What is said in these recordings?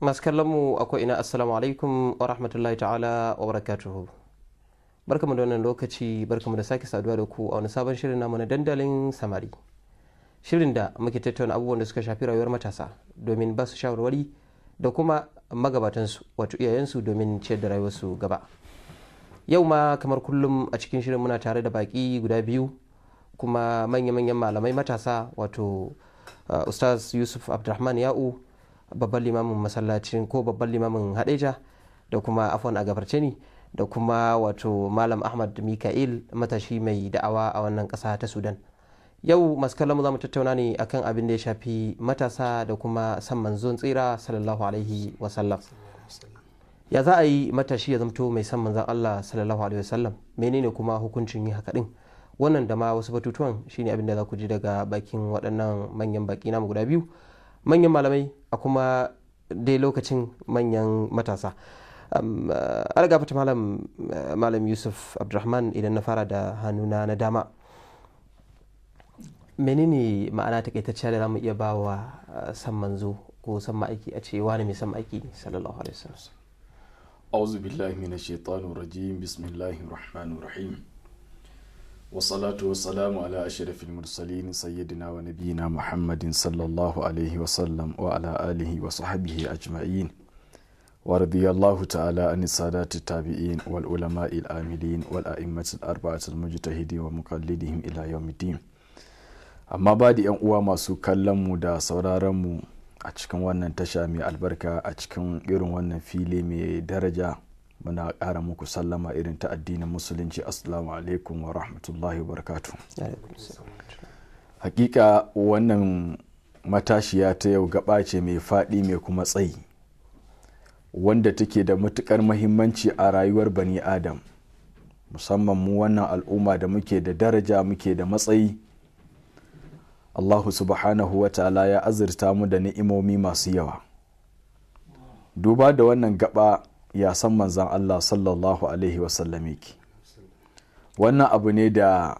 masu kallon akwai ina assalamu alaikum wa rahmatullahi ta'ala wa barakatuhu barkamu da wannan lokaci barkamu da sake saduwa da ku a wani sabon shirin namu na dandalin samari shirin da muke tattauna abubuwan da suka shafi rayuwar matasa domin ba su shawarwari da kuma magabatansu wato iyayensu domin ciyar da rayuwarsu gaba yau ma kamar kullum a cikin shirin muna tare da baki guda biyu kuma manya-manyan malamai matasa wato uh, ustaz yusuf abdulrahman ya'u babban limamin masallacin ko babban limamin hadeja da kuma afon a gabarce ni da kuma wato malam ahmad mika'il matashi mai da'awa a wannan kasa ta sudan yau maskalamu za mu tattauna ne akan abin da ya shafi matasa da kuma san manzon tsira sallallahu alaihi wasallam ya za a yi matashi ya zamto mai san manzon allah sallallahu alaihi wasallam menene kuma hukuncin yi haka din wannan da ma wasu batutuwan shine abin da za ku ji daga bakin waɗannan manyan baki namu guda biyu manyan malamai a kuma dai lokacin manyan matasa eh, algafata malam eh, malam yusuf abdulrahman idan na fara da hannuna na dama menene ma'ana takaitacciya da mu iya ba wa eh, san manzo ko san ma'aiki a cewa ne mai san ma'aiki sallallahu alaihi wasallam a'udhu billahi minash shaitanir rajim bismillahir rahmanir rahim wasalatu wasalamu ala ashirafil mursalin sayyidina wa nabiyina muhammadin sallallahu alaihi wasallam wa ala alihi wa sahbihi ajma'in wa radiyallahu ta'ala an ta tabi'in wal ulama'i al-amilin wal a'immatil arba'atil wa muqallidihim ila yawmiddin amma ba da yan uwa masu kallon mu da sauraron mu a cikin wannan tasha mai albarka a cikin irin wannan fili mai daraja muna ƙara muku sallama irin ta addinin musulunci assalamu alaikum wa rahmatullahi wa barakatu hakika wannan matashiya ta yau gaba ce mai faɗi mai kuma tsayi wanda take da matukar mahimmanci a rayuwar bani adam musamman mu wannan al'umma da muke da daraja muke da matsayi allahu subhanahu wa ta'ala ya azurta mu da ni'imomi masu yawa duba da wannan gaba ya san manzan Allah sallallahu alaihi wasallam yake wannan abu ne da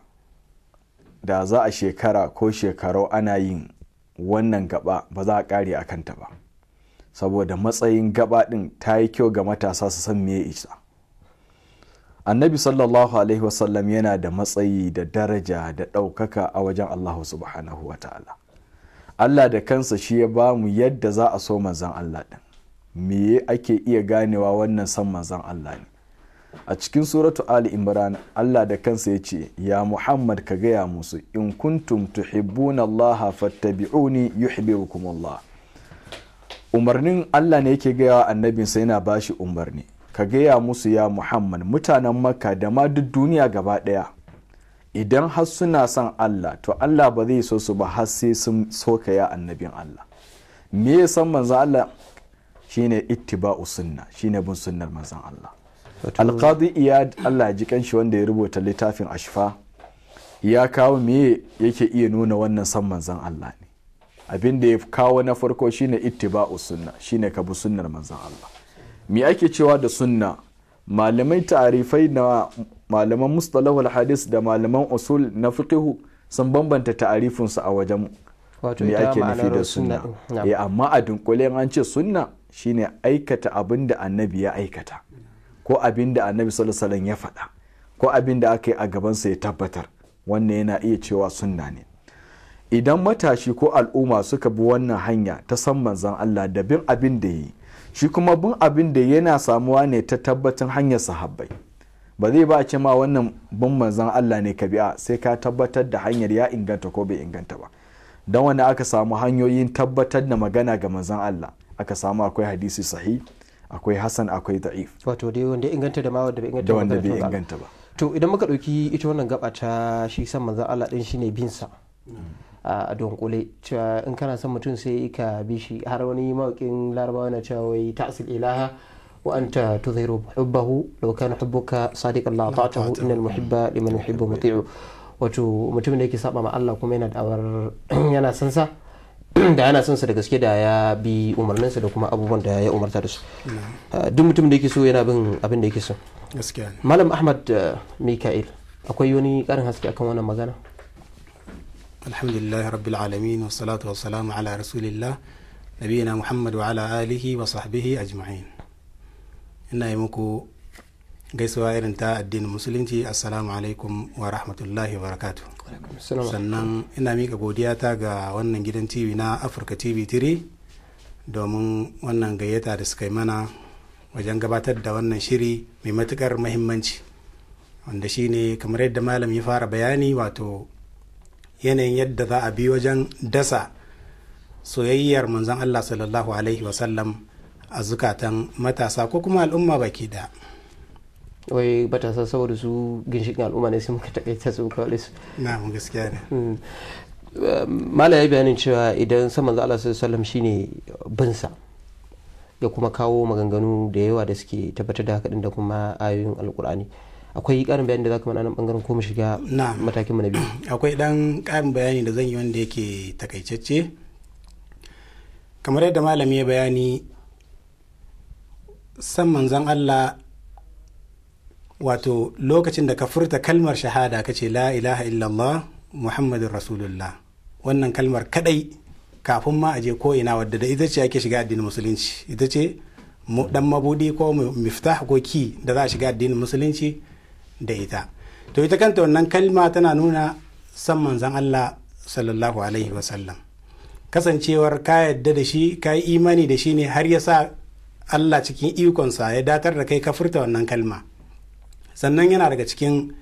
da za a shekara ko shekaru ana yin wannan gaba ba za a kare a kanta ba saboda matsayin gaba ɗin ta yi kyau ga matasa su san meye isa annabi sallallahu alaihi wasallam yana da matsayi da daraja da ɗaukaka a wajen allahu subhanahu wa ta'ala allah da kansa shi ya ba mu yadda za a so manzan allah ɗin me ake iya ganewa wannan san manzan Allah ne a cikin suratu ali imran Allah da kansa ya ce ya muhammad ka gaya musu in kuntum tuhibbuna Allah fattabi'uni yuhibbukum Allah umarnin Allah ne yake gaya annabinsa yana bashi umarni ka gaya musu ya muhammad mutanen makka da ma duk duniya gaba daya idan har suna son Allah to Allah ba zai so su ba har sai sun soka ya annabin Allah me ya san Allah shine ittiba'u sunna shine bin sunnar manzon Allah alqadi iyad Allah ji kanshi wanda ya rubuta littafin ashfa ya kawo me yake iya nuna wannan san manzon Allah ne abin da ya kawo na farko shine ittiba'u sunna shine ka bi sunnar manzon Allah me ake cewa da sunna malamai ta'arifai na malaman mustalahul hadis da malaman usul na fiqhu sun bambanta ta'arifinsu a wajen me ake nufi da sunna eh, amma a dunkule an ce sunna shine aikata abin da annabi ya aikata ko abin da annabi salasalan ya faɗa ko abin da aka yi a gabansa ya tabbatar wannan yana iya cewa sunna ne idan matashi ko al'umma suka bi wannan hanya ta san manzan Allah da bin abin da yi shi kuma bin abin da yana samuwa ne ta tabbatin hanyar sahabbai ba zai ba a ce ma wannan bin manzan Allah ne ka bi'a sai ka tabbatar da hanyar ya inganta ko bai inganta ba don wanda aka samu hanyoyin tabbatar da magana ga manzan Allah aka samu akwai hadisi sahi akwai hasan akwai da'if wato dai wanda inganta da ma wanda bai inganta da wanda bai inganta ba to idan muka dauki ita wannan gaba ta shi san manzon Allah din shine bin sa a don kule cewa in kana son mutum sai ka bi shi har wani mawakin larabawa na cewa wai ta'sil ilaha wa anta tudhiru hubbahu law kana hubbuka sadiqan la ta'tahu innal muhibba liman yuhibbu muti'u wato mutumin da yake saba ma Allah kuma yana da'awar yana san sa da ana son sa da gaske da ya bi umarninsa da kuma abubuwan da ya umarta da su ah, duk mutum da yake so yana bin abin da yake so malam ahmad ah, mika'il akwai wani karin haske akan wannan magana alhamdulillah rabbil alamin wa salatu wa ala rasulillah nabiyina muhammad wa ala alihi wa sahbihi ajma'in ina yi muku gaisuwa irin ta addinin musulunci assalamu alaikum wa rahmatullahi wa barakatuh sannan ina mika godiyata ga wannan gidan tv na afirka tv 3 domin wannan gayyata da suka yi mana wajen gabatar da wannan shiri mai matukar mahimmanci wanda shine kamar yadda malam ya fara bayani wato yanayin yadda za a bi wajen dasa soyayyar manzon allah sallallahu alaihi wasallam a zukatan matasa ko kuma al'umma baki da wai matasa saboda su ginshikin al'umma ne sai muka takaita su muka wale su na gaskiya ne hmm. mala ya bayanin cewa idan saman za Allah sallam shine binsa ya kuma kawo maganganu da yawa da suke tabbatar da haka da kuma ayoyin alkur'ani akwai karin bayani da zaka mana nan bangaren ko mu shiga matakin mu na biyu akwai dan karin bayani da zan yi wanda yake takaitacce kamar yadda malami ya bayani san manzon Allah wato lokacin da ka furta kalmar shahada ka ce la ilaha illallah muhammadin rasulullah wannan kalmar kadai kafin ma a je ko ina wadda da ita ce ake shiga addinin musulunci ita ce dan mabudi ko miftah ko ki da za a shiga addinin musulunci da ita to ita kanta wannan kalma tana nuna san manzon Allah sallallahu alaihi wasallam kasancewar ka yadda da shi ka yi imani da shi ne har ya sa Allah cikin ikonsa ya datar da kai ka furta wannan kalma sannan yana daga cikin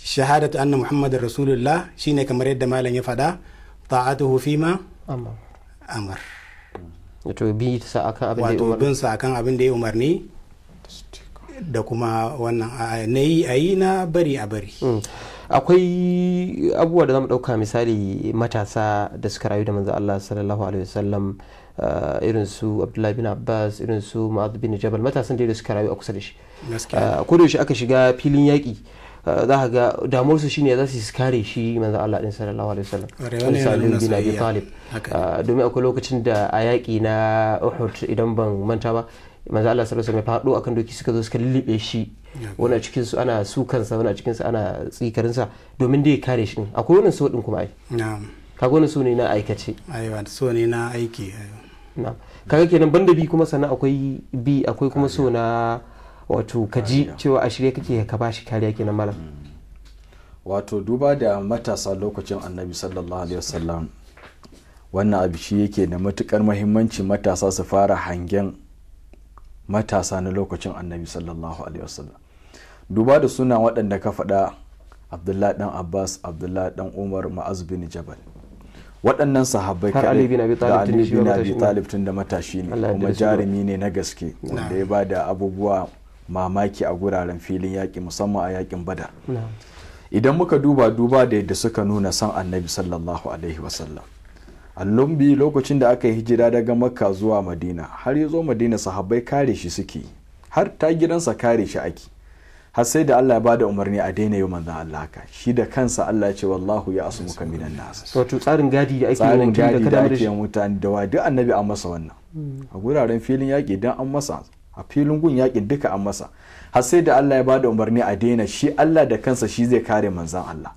shahadatu anna muhammadin rasulullah shine kamar yadda malam ya fada ta'atuhu fima amar wato bin sa akan abin da ya umarni da kuma wannan na yi a yi na bari a bari hmm. akwai abubuwa da zamu dauka misali matasa da suka rayu da manzo Allah sallallahu alaihi wasallam irin su abdullahi bin abbas irin su ma'ad bin jabal matasan da suka rayu a kusa da shi ko da yaushe aka shiga filin yaƙi za ka ga damuwarsu shine za su kare shi manzo Allah din sallallahu alaihi wasallam wani salim bin abi talib domin akwai lokacin da a yaƙi na Uhud idan ban manta ba manzo Allah sallallahu alaihi wasallam ya fado akan doki suka zo suka lullube shi wani a cikin su ana su kansa wani a cikin su ana tsikarin sa domin dai kare shi akwai wani su din kuma ai na'am kaga wani so ne na aikace aiwa so ne na aiki aiwa na kaga kenan banda bi kuma sannan akwai bi akwai kuma so na wato kaji cewa a shirye kake ka bashi kariya kenan malam hmm. wato duba da matasa lokacin annabi sallallahu alaihi wasallam wannan abu shi yake da matukar muhimmanci matasa su fara hangen matasa na lokacin annabi sallallahu alaihi wasallam duba da suna waɗanda ka faɗa abdullahi dan abbas abdullahi dan umar ma'az bin jabal waɗannan sahabbai har Ali bin Abi Talib tun da matashi ne kuma jarumi ne na gaske wanda ya bada abubuwa mamaki a guraren filin yaƙi musamman a yaƙin Badar idan muka duba duba da yadda suka nuna san Annabi sallallahu alaihi wasallam allumbi lokacin da aka yi hijira daga makka zuwa madina har ya zo madina sahabbai kare shi suke har ta gidansa kare shi ake har sai da Allah ya bada umarni a daina yi manzan Allah haka shi da kansa Allah ya ce wallahu ya asu muka minan nasa. wato tsarin gadi da ake tsarin gadi da ake mutane da wa duk annabi an masa wannan a guraren filin yaƙi dan an masa a filin gun yaƙin duka an masa har sai da Allah ya bada umarni a daina shi Allah da kansa shi zai kare manzan Allah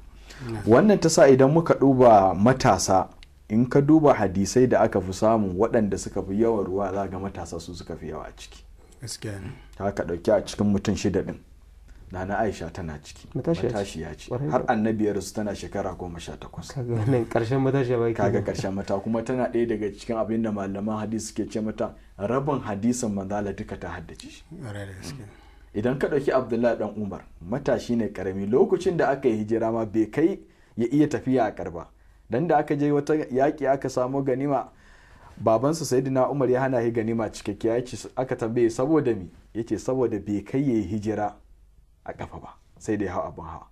wannan ta sa idan muka duba matasa in ka duba hadisai da aka fi samu waɗanda suka fi yawan ruwa za ga matasa su suka fi yawa a ciki haka ɗauki a cikin mutum shida ɗin nana aisha tana ciki matashiya ce har annabi su tana shekara goma sha takwas karshen matashiya kaga karshen mata kuma tana ɗaya daga cikin abin da malaman hadisi suke ce mata rabin hadisin manzala duka ta haddace shi mm. idan ka ɗauki abdullahi dan umar matashi ne karami lokacin da aka yi hijira ma bai kai ya iya tafiya a karba dan da aka je wata yaki aka samo ganima babansa sayyidina umar ya hana shi ganima cikakkiya ya ce aka tambaye saboda mi yace saboda bai kai ya yi hijira a kafa ba sai dai hau abin hawa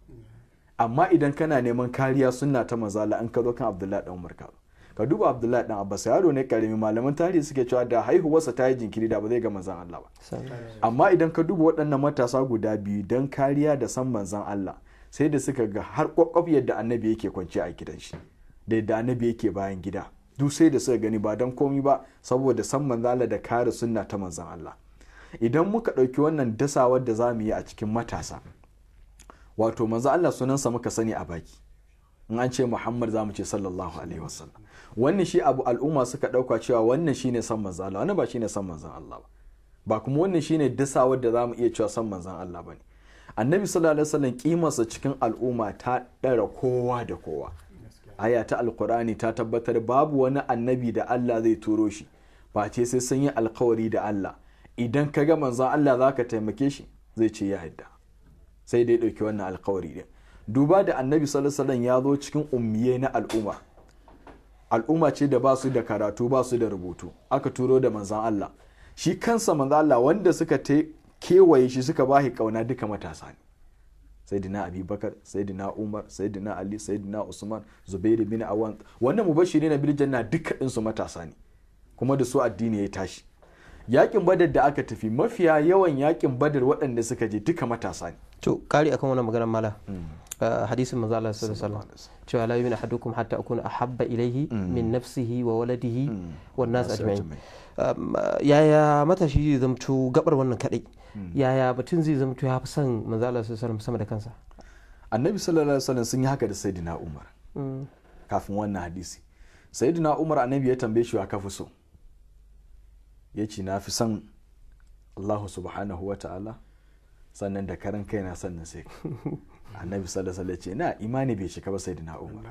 amma idan kana neman kariya sunna ta mazala an ka zo kan abdullahi dan umar ka ka duba abdullahi dan abbas yaro ne karami malaman tarihi suke cewa da haihuwarsa ta yi jinkiri da ba zai ga manzan allah ba amma idan ka duba waɗannan matasa guda biyu don kariya da san manzan allah sai da suka ga har kwakwaf yadda annabi yake kwance a gidan shi da yadda annabi yake bayan gida duk sai da suka gani ba don komi ba saboda san manzala da kare sunna ta manzan allah idan muka ɗauki wannan dasawar da za mu yi a cikin matasa wato manzo Allah sunansa muka sani a baki in an ce Muhammad za mu ce sallallahu alaihi wasallam wannan shi abu al'umma suka ɗauka cewa wannan shine san manzo Allah wannan ba shine san Allah ba ba kuma wannan shine dasawar da za mu iya cewa san manzon Allah ba ne annabi sallallahu alaihi wasallam kimarsa cikin al'umma ta ɗara kowa da kowa aya ta alkur'ani ta tabbatar babu wani annabi da Allah zai turo shi ba ce sai sun yi alkawari da Allah idan ka ga manzon Allah za ka taimake shi zai ce ya yadda sai dai ɗauki wannan alkawari ɗin duba da annabi sallallahu ya zo cikin ummiye na al'umma al'umma ce da ba su da karatu ba su da rubutu aka turo da manzan Allah shi kansa manzan Allah wanda suka kewaye shi suka bahi kauna duka matasa ne sayyidina abubakar sayyidina umar sayyidina ali sayyidina usman zubairu bin awan wannan mubashiri na bil janna duka su matasa ne kuma da su addini ya tashi yakin badar da aka tafi mafiya yawan yakin badar waɗanda suka je duka matasa ne to kari akan wannan maganar mala mm. ah, hadisin manzo Allah sallallahu alaihi wasallam cewa la yu'minu ahadukum hatta akuna ahabba ilayhi mm. min nafsihi wa waladihi mm. wa wan nas ajma'in um, yaya matashi zai zamto gabar wannan kadai yaya batun zai zamto ya fi son manzo Allah sallallahu alaihi wasallam sama da kansa annabi sallallahu alaihi wasallam sun yi haka da sayyidina Umar kafin wannan hadisi sayyidina Umar annabi ya tambaye shi wa kafi so ya ce na fi son allahu subhanahu wa ta'ala sannan da karan kai na sannan sai annabi sallallahu alaihi ce na imani bai cika ba sai da na umar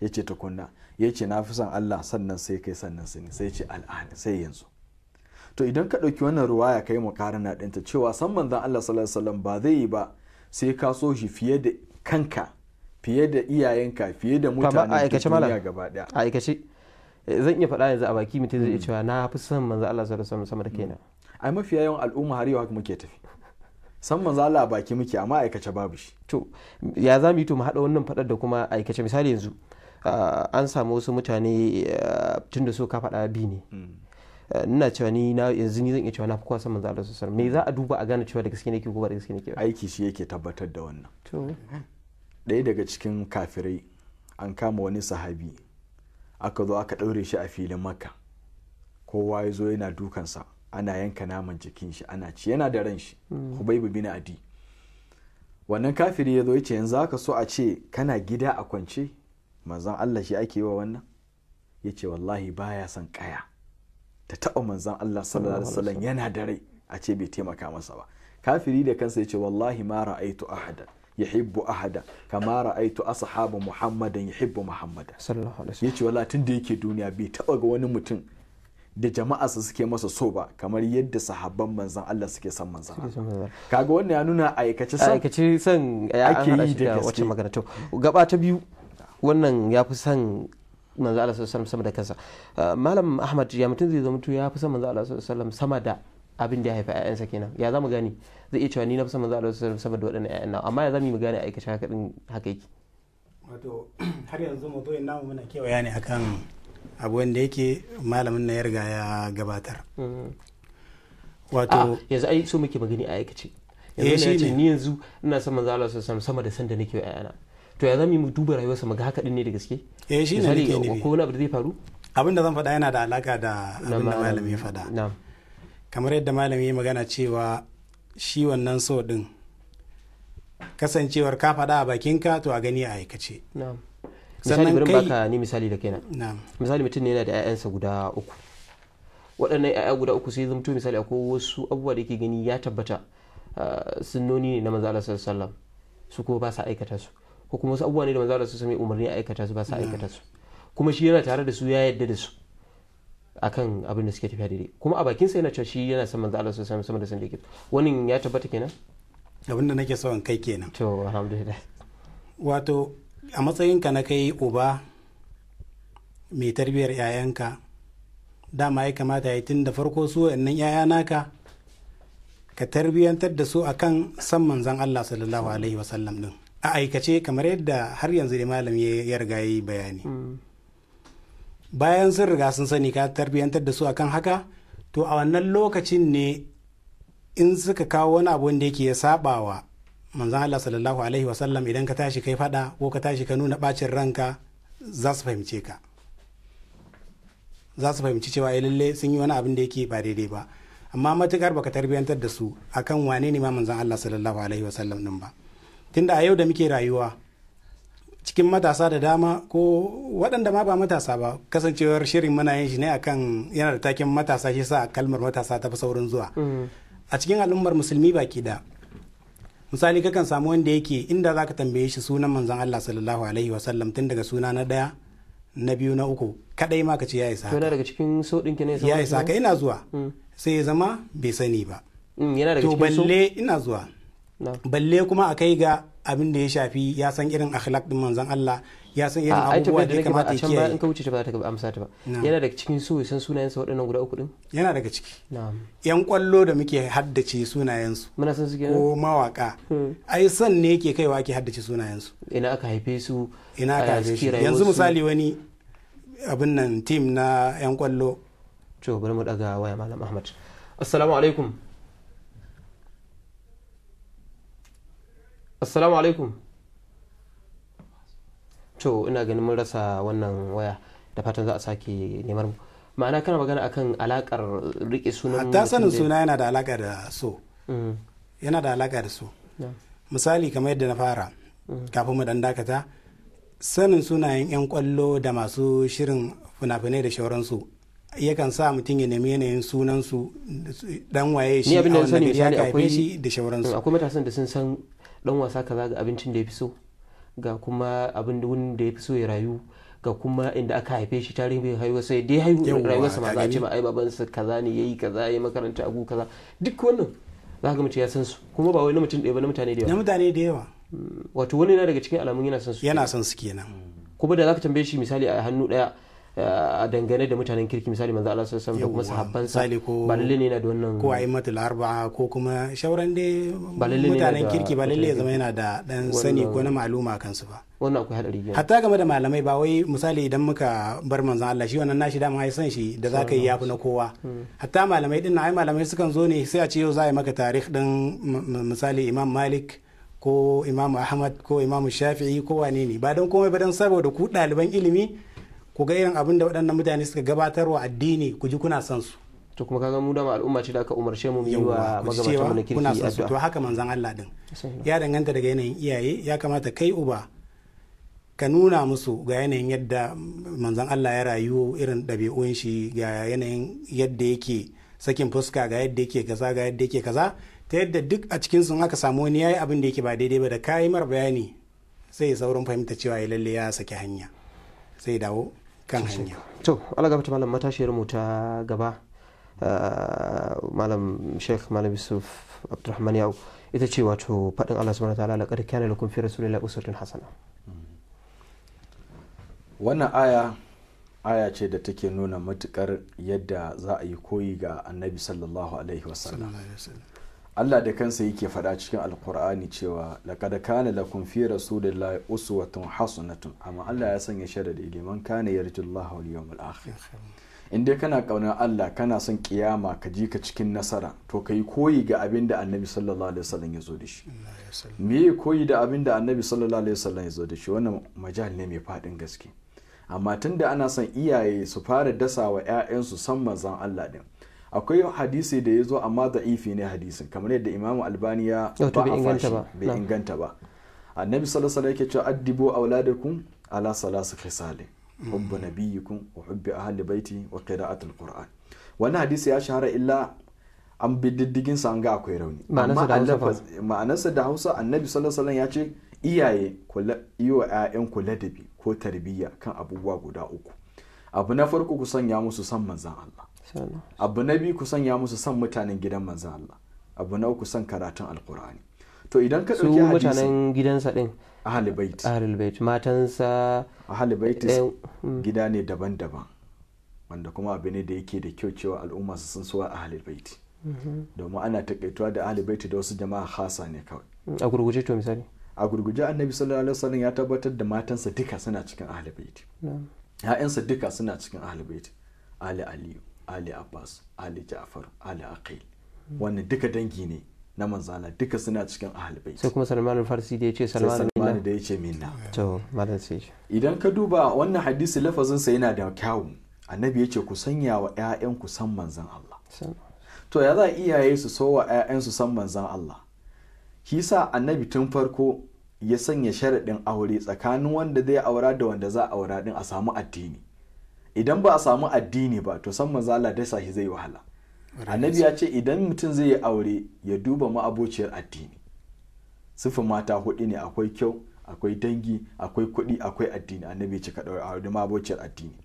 ya ce tukunna ya ce na fi son allah sannan sai kai sannan sai sai ce al'an sai yanzu to idan ka ɗauki wannan ruwaya kai mukarana ɗinta cewa san manzon allah sallallahu alaihi wasallam ba zai yi ba sai ka so shi fiye da kanka fiye da iyayenka fiye da mutanen duniya gaba daya aikace zan iya faɗa yanzu a baki mutum zai mm. cewa na fi son manzo Allah sallallahu alaihi sama da kaina ai mafiya yawan al'umma har yau haka muke tafi san manzo Allah a baki muke amma aikace babu shi to ya za mu yi to mu haɗa wannan faɗar da kuma aikace misali yanzu an samu wasu mutane tunda so ka faɗa bi ne mm. ina cewa ni na yanzu ni zan iya cewa na fi kowa san manzo Allah sallallahu me za a duba a gane cewa da gaske nake ko ba da gaske nake aiki shi yake tabbatar da wannan to ɗaya daga cikin kafirai an kama wani sahabi aka zo aka ɗaure shi a filin maka kowa ya zo yana dukansa ana yanka naman jikin shi ana ci yana da ran shi hmm. bi bin adi wannan kafiri ya zo ya ce yanzu aka so a ce kana gida a kwance manzan Allah shi ake wa wannan ya ce wallahi baya son kaya ta taɓa manzan Allah sallallahu yana da rai a ce bai taimaka masa ba kafiri da kansa ya ce wallahi ma ra'aitu ahadan yuhibbu ahada kama ra'aitu ashabu muhammadan yuhibbu muhammadan sallallahu alaihi wasallam yace da tunda yake duniya bai taba ga wani mutum da jama'arsa suke masa so ba kamar yadda sahabban manzan Allah suke son manzan kaga wannan ya nuna aikace son aikace ya ake yi da wacce magana to gaba ta biyu wannan ya fi son manzo Allah sallallahu alaihi wasallam sama da kansa malam Ahmad ya mutum zai zama ya fi son manzo Allah sallallahu alaihi wasallam sama da abin da ya haifa 'ya'yansa kenan ya zama gani zai iya cewa ni na fi sama manzo wasu sama da waɗannan ƴaƴan nawa amma ya zamu mu gane aikace haka ɗin haka yake wato har yanzu mu zoyin namu muna kewaya ne akan abu wanda yake malamin na ya riga ya gabatar mm-hmm. wato ah, yanzu ai so muke magani a aikace eh, yanzu ne ce ni yanzu ina sama manzo wasu sallallahu sama da san da nake wa ƴaƴana to ya zamu mu duba rayuwarsa mu ga haka ɗin ne da gaske eh shi ne nake ne. ko wani abu da zai faru abin da zan faɗa yana da alaka da abin da malamin ya faɗa kamar yadda malami ya magana cewa shi wannan so din kasancewar ka faɗa a bakinka to a gani a aikace misali bari baka ni misali da kaina misali mutum ne yana da 'ya'yansa guda uku waɗannan 'ya'ya guda uku sai zamto misali akwai wasu abubuwa da ke gani ya tabbata ah, noni ne na manzo Allah sallallahu su kuma ba sa aikata su ko kuma wasu abubuwa ne da manzo Allah sallallahu alaihi umarni a aikata su ba sa aikata su kuma shi yana tare da su ya yadda da su akan abin da suke tafiya daidai kuma a bakin sai na cewa shi yana son manzo Allah sallallahu alaihi sama da san likita wannan ya tabbata kenan abin da nake so in kai kenan to alhamdulillah wato a matsayinka na kai uba mai tarbiyar 'ya'yanka dama ya kamata ya tun da farko su wa'annan 'ya'ya naka ka tarbiyantar da su akan san manzon Allah sallallahu alaihi wasallam din a aikace kamar yadda har yanzu da malam ya riga yi bayani mm. bayan sun riga sun sani ka tarbiyantar da su akan haka to a wannan lokacin ne in suka kawo wani abu da yake ya sabawa manzon Allah sallallahu alaihi wasallam idan ka tashi kai fada ko ka tashi ka nuna bacin ranka za su fahimce ka za su fahimci cewa ya eh, lalle sun yi wani abin da yake ba daidai ba amma matukar baka tarbiyantar da su akan wane ne ma manzon Allah sallallahu alaihi wasallam din ba tunda a yau da muke rayuwa cikin matasa da dama ko waɗanda ma ba matasa ba kasancewar shirin muna yin shi ne akan yana da takin matasa shi sa kalmar matasa ta fi saurin zuwa mm. a cikin al'ummar musulmi baki da misali kakan samu wanda yake inda za ka tambaye shi sunan manzon Allah sallallahu alaihi wasallam tun daga suna na ɗaya na biyu na uku kadai ma ka ce ya isa yana daga cikin so ɗinki ne ya isa ka ina zuwa mm. sai ya zama bai sani ba mm, to balle ina zuwa balle kuma a kai ga abin da ya shafi ya san irin akhlaq din manzon Allah ya san irin abubuwa da kamata ya kiyaye in ka wuce ta ba za ta ga amsa ta ba yana daga cikin su san sunayen sa waɗannan guda uku din yana daga ciki yan kwallo da muke haddace sunayen su muna san su ko mawaka hmm. ai san ne yake kaiwa ke haddace sunayen su ina aka haife su ina aka haife su yanzu misali wani abin nan team na yan kwallo to bari mu daga waya malam Ahmad assalamu alaikum assalamu alaikum to ina ganin mun rasa wannan waya da fatan za a sake neman mu ma'ana kana magana akan alakar rike sunan hatta sanin suna yana da alaka da so mm. yana da alaka da so misali kamar yadda na fara mm. kafin mu dan dakata sanin sunayen yan kwallo da masu shirin fina-finai da shauransu yakan sa mutum ya nemi yanayin sunansu dan waye shi a wanda ya shi da shauransu mm, akwai matasan da sun san dan wasa kaza ga abincin da ya fi so ga kuma abin da wani da ya fi so ya rayu ga kuma inda aka haife shi tarihin haihuwa sai dai rayuwarsa ma za a ce ba ai sa kaza ne yayi kaza yayi makaranta agu kaza duk wannan za ga mutum ya san su kuma ba wai na mutum ɗaya ba na mutane da yawa na mutane da yawa hmm, wato wani na daga cikin alamun yana san su yana san su kenan kuma da za ka tambaye shi misali a hannu daya. a dangane da mutanen kirki misali manzo Allah sallallahu alaihi wasallam da kuma sahabbansa ba lalle ne na da wannan ko al arba'a ko kuma shauran da mutanen kirki ba lalle ya zama yana da dan sani ko na maluma kansu ba wannan akwai hadari ne hatta game da malamai ba wai misali idan muka bar manzo Allah shi wannan nashi dama ai san shi da zaka yi yafi na kowa hmm. hatta malamai din ai malamai sukan zo ne sai a ce yau za a yi maka tarikh din misali Imam Malik ko Imam Ahmad ko Imam Shafi'i ko wane ne ba don komai ba don saboda ku ɗaliban ilimi ku ga irin abin da waɗannan mutane suka gabatar wa addini ku ji kuna son su to kuma kaga mu da al'umma ce da aka umarce mu yi wa magabata mu kirki kuna son to haka manzon Allah din ya danganta daga yanayin iyaye ya kamata kai uba ka nuna musu ga yanayin yadda manzon Allah ya rayu irin ɗabi'un shi ga yanayin yadda yake sakin fuska ga yadda yake kaza ga yadda yake kaza ta yadda duk a cikin sun aka samu wani yayi abin da yake ba daidai ba da kayi mar bayani sai saurin fahimta cewa ya lalle ya saki hanya sai dawo kan hanya to alagabta malam matashiyar mu ta gaba ah, malam sheikh malam yusuf abdulrahman yau ita ce wato faɗin allah subhanahu ta'ala laqad kana lakum fi rasulillahi uswatun hasana mm. wannan aya aya ce da take nuna matukar yadda za a yi koyi ga annabi sallallahu alaihi wasallam Allah da kansa yake faɗa cikin alkur'ani cewa laqad kana lakum fi rasulillahi uswatun hasanatun amma Allah ya sanya sharadi liman kana yarjullaha wal yawmal akhir in dai kana kaunar Allah kana son kiyama ka ji ka cikin nasara to ka yi koyi ga abin da annabi sallallahu alaihi wasallam ya zo da shi me koyi da abin da annabi sallallahu alaihi wasallam ya zo da shi wannan majal ne mai faɗin gaske amma tunda ana son iyaye su fara dasa wa 'ya'yansu san manzon Allah din akwai hadisi da ya zo amma da'ifi ne hadisin kamar yadda imamu albani ya ba a fashi bai inganta ba annabi sallallahu alaihi yake cewa addibu auladakum ala salasu khisali hubbu nabiyyikum wa hubbi ahli baiti wa qira'atul qur'an wannan hadisi ya shahara illa an bi diddigin sa an ga akwai rauni ma'anarsa da Hausa annabi sallallahu alaihi ya ce iyaye yi wa ku ladabi ko tarbiyya kan abubuwa guda uku abu na farko ku sanya musu san manzan Allah abu na biyu ku ya musu san mutanen gidan manzan Allah abu na uku san karatun alkur'ani to idan ka ɗauki hadisi mutanen gidansa ɗin ahli bait ahli bait matansa ahli bait mm. gida ne daban-daban wanda kuma abu ne da yake da kyau cewa al'umma su san suwa ahli bait mhm. domin ana takaituwa da ahli bait da wasu jama'a hasa ne kawai mm, a gurguje to misali a gurguje annabi sallallahu alaihi wasallam ya tabbatar da matansa duka suna cikin ahli bait ya'yansa duka suna cikin ahli bait ali aliyu ali abbas ali ja'far ali aqil wannan duka dangi ne na manzana duka suna cikin ahal sai kuma salman farsi da ya ce salman da ya ce minna idan ka duba wannan hadisi lafazin sa yana da kyawu annabi ya ce ku sanya wa ƴaƴan ku san manzan Allah to ya za iyaye su so wa ƴaƴan su san manzan Allah kisa annabi tun farko ya sanya sharaɗin aure tsakanin wanda zai aura da wanda za a aura din a samu addini idan ba a samu addini ba to san mazala Allah dasa shi zai wahala annabi ya ce idan mutum zai yi aure ya duba ma'abociyar addini sufin mata hudu ne akwai kyau akwai dangi akwai kudi akwai addini annabi ya ce ka ɗaura aure ma'abociyar addini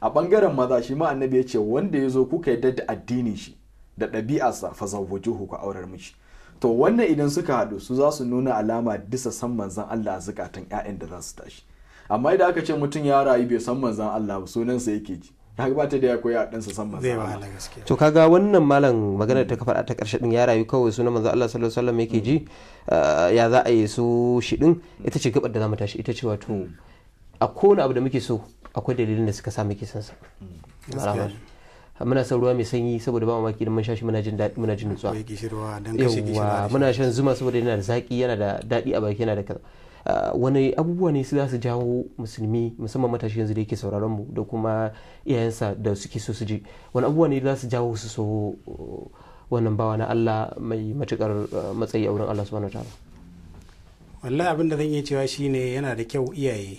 a ɓangaren maza shi ma annabi ya ce wanda ya zo kuka yadda da addinin shi da ɗabi'arsa fa zan waje ku aurar mishi to wannan idan suka haɗu su za su nuna alama disa san manzon Allah a zukatan 'ya'yan da za su tashi amma idan aka ce mutum ya rayu bai san manzan Allah sunan sunansa yake ji kaga ba ta da ya koya dan sa san manzan Allah to kaga wannan malam magana ta kafa ta karshe din ya rayu kawai sunan manzan Allah sallallahu alaihi wasallam yake ji eh, ya za a yi su shi din ita ce gabar da zamu tashi ita ce wato a kowane abu da muke so akwai dalilin da suka sa muke son sa muna son ruwa mai sanyi saboda ba mamaki idan mun sha shi muna jin daɗi muna jin nutsuwa yawwa muna shan zuma saboda yana da zaki yana da daɗi a baki yana da kaza Uh, wani abubuwa ne su za su jawo musulmi musamman matashi yanzu da yake sauraron mu da kuma iyayensa da suke so su ji wani abubuwa ne za su jawo su so uh, wannan bawa na Allah mai matukar uh, matsayi a wurin Allah subhanahu wataala wallahi abin da zan iya cewa shine yana da kyau iyaye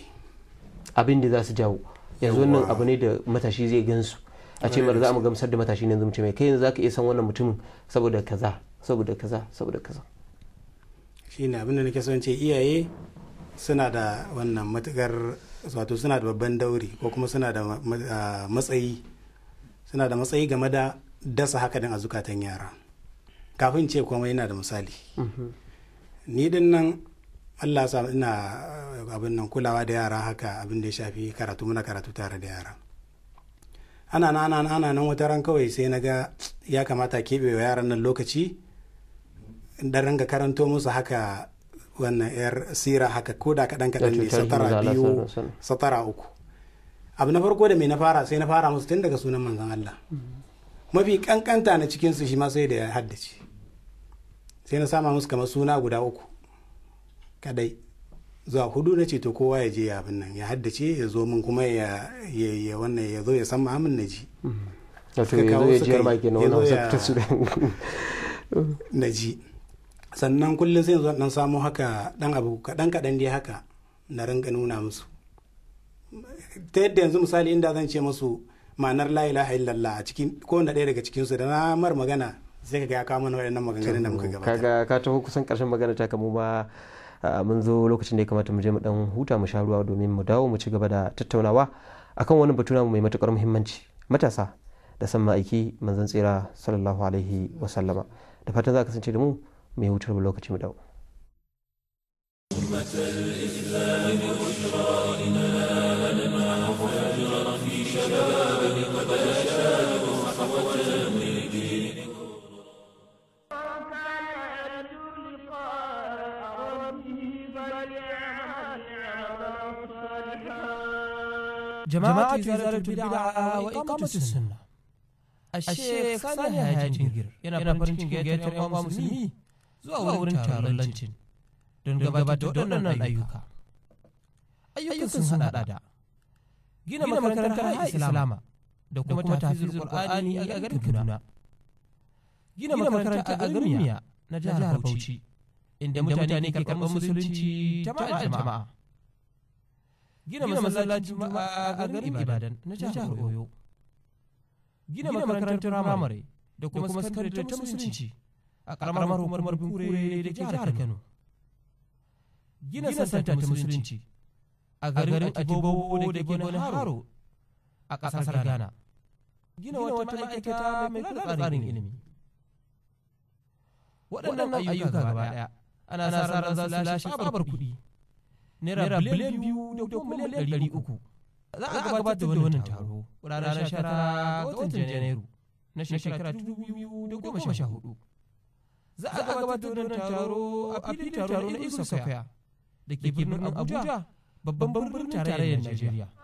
abin da za su jawo yanzu wannan abu ne da matashi zai gansu a ce mara za mu gamsar da matashi ne yanzu mu ce mai kai yanzu zaka iya san wannan mutumin saboda kaza saboda kaza saboda kaza shine abin da nake son ce iyaye suna da wannan matukar wato suna da babban dauri ko kuma suna da matsayi suna da matsayi game da dasa hakanin a zukatan yara kafin ce kuma yana da misali mhm. ni din nan allah sa ina eh, abin nan kulawa da yara haka abin da ya shafi karatu muna karatu tare da yara ana nan ana wata ran kawai sai na ga ya kamata keɓe wa yaran nan lokaci dan ranga karanto musu haka wannan yar sira haka ko da kaɗan kaɗan ne satara biyu satara uku abu na farko da mai na fara sai na fara musu tun daga sunan manzan Allah mafi kankanta na cikinsu shi ma sai da ya haddace sai na sama musu kamar suna guda uku kadai zuwa hudu na ce to kowa ya je ya abin nan ya haddace ya zo min kuma ya ya wannan ya zo ya san muhammin na ji ya zo ya ji na ji sannan kullum sai zuwa dan samu haka dan abu kaɗan kaɗan dai haka na ringa nuna musu ta yadda yanzu misali inda zan ce musu ma'anar la ilaha illallah a cikin ko na ɗaya daga cikinsu da na mar magana sai kaga ya kawo mana waɗannan maganganun da muka gabata kaga ka taho kusan karshen magana ta kamu ba mun zo lokacin da ya kamata mu je mu dan huta mu sha ruwa domin mu dawo mu ci gaba da tattaunawa akan wani batu namu mai matukar muhimmanci matasa da san ma'aiki manzon tsira sallallahu alaihi wasallama da fatan za ka kasance da mu mai wutar mu lokaci mu dau جماعة وزارة البدعة وإقامة السنة الشيخ صالح هاجنجر ينا فرنشين جاتر يوم مسلمي zuwa wurin taron lancin don gabatar da wannan ayyuka ayyukan sun haɗa da gina makarantar har islama da kuma tafizul qur'ani a garin kaduna gina makaranta a garin miya na jihar bauchi inda mutane ke karɓar musulunci ta jama'a gina masallacin juma'a a garin ibadan na jihar oyo gina makarantar ramare da kuma sakaritar ta musulunci a karamar hukumar binkure da ke jihar kano gina santa ta musulunci a garin ajibobo da ke gona haro a ƙasar ghana gina wata ma'aikata mai kula da tsarin ilimi waɗannan ayyuka gaba ɗaya ana sa ran za su lashe tsabar kuɗi naira biliyan biyu da kuma miliyan ɗari uku za a gabatar da wannan taro ranar sha tara ga watan janairu na shekara dubu biyu da goma sha hudu za a gabatar da taro a filin taro na Isa Sofia da ke birnin Abuja babban birnin tarayyar Najeriya.